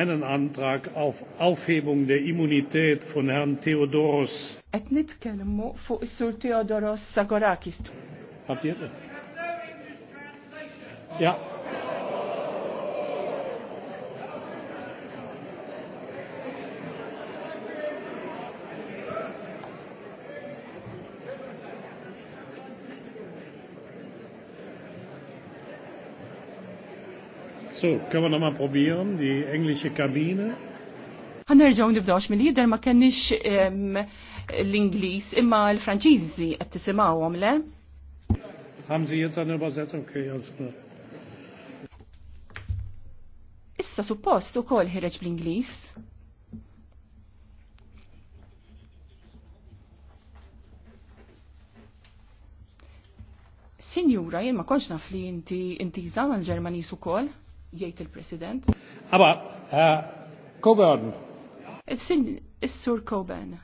einen Antrag auf Aufhebung der Immunität von Herrn Theodoros. Etnit kelmu fu is Theodoros Sagorakis. Habt ihr? Ja. So, können ma probieren, di englische Kabine. Għanerġaw nibdawx minn jider ma kenniex l-Inglis imma l-Franċiżi qed tisimgħuhom le? Haben Sie jetzt eine Übersetzung? Okay, klar. Issa suppost ukoll ħireġ bl-Ingliż. Sinjura, jien ma konx naf inti inti ġermani su ukoll? jgħid il-President. Aba, eh, Coburn. Is-sur sin is Coburn.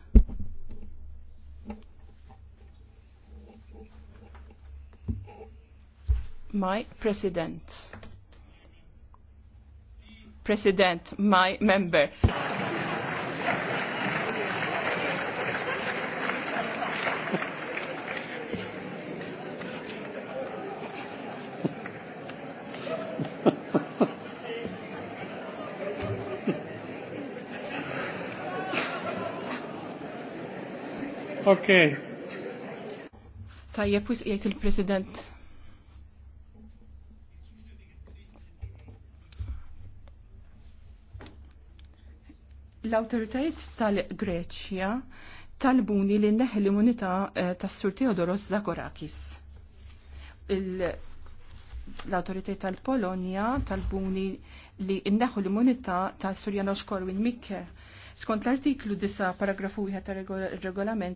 My President. President, my member. Okay. Tajjeb wis qiegħed il-President. L-awtoritajiet tal-Greċja talbuni li neħ l-immunità eh, tas-Sur Teodoros Zagorakis. L-awtoritajiet tal-Polonja talbuni li nneħħu l-immunità tas-Sur Janosz Korwin Mikke skont l-artiklu 9 paragrafu 1 ta' regolament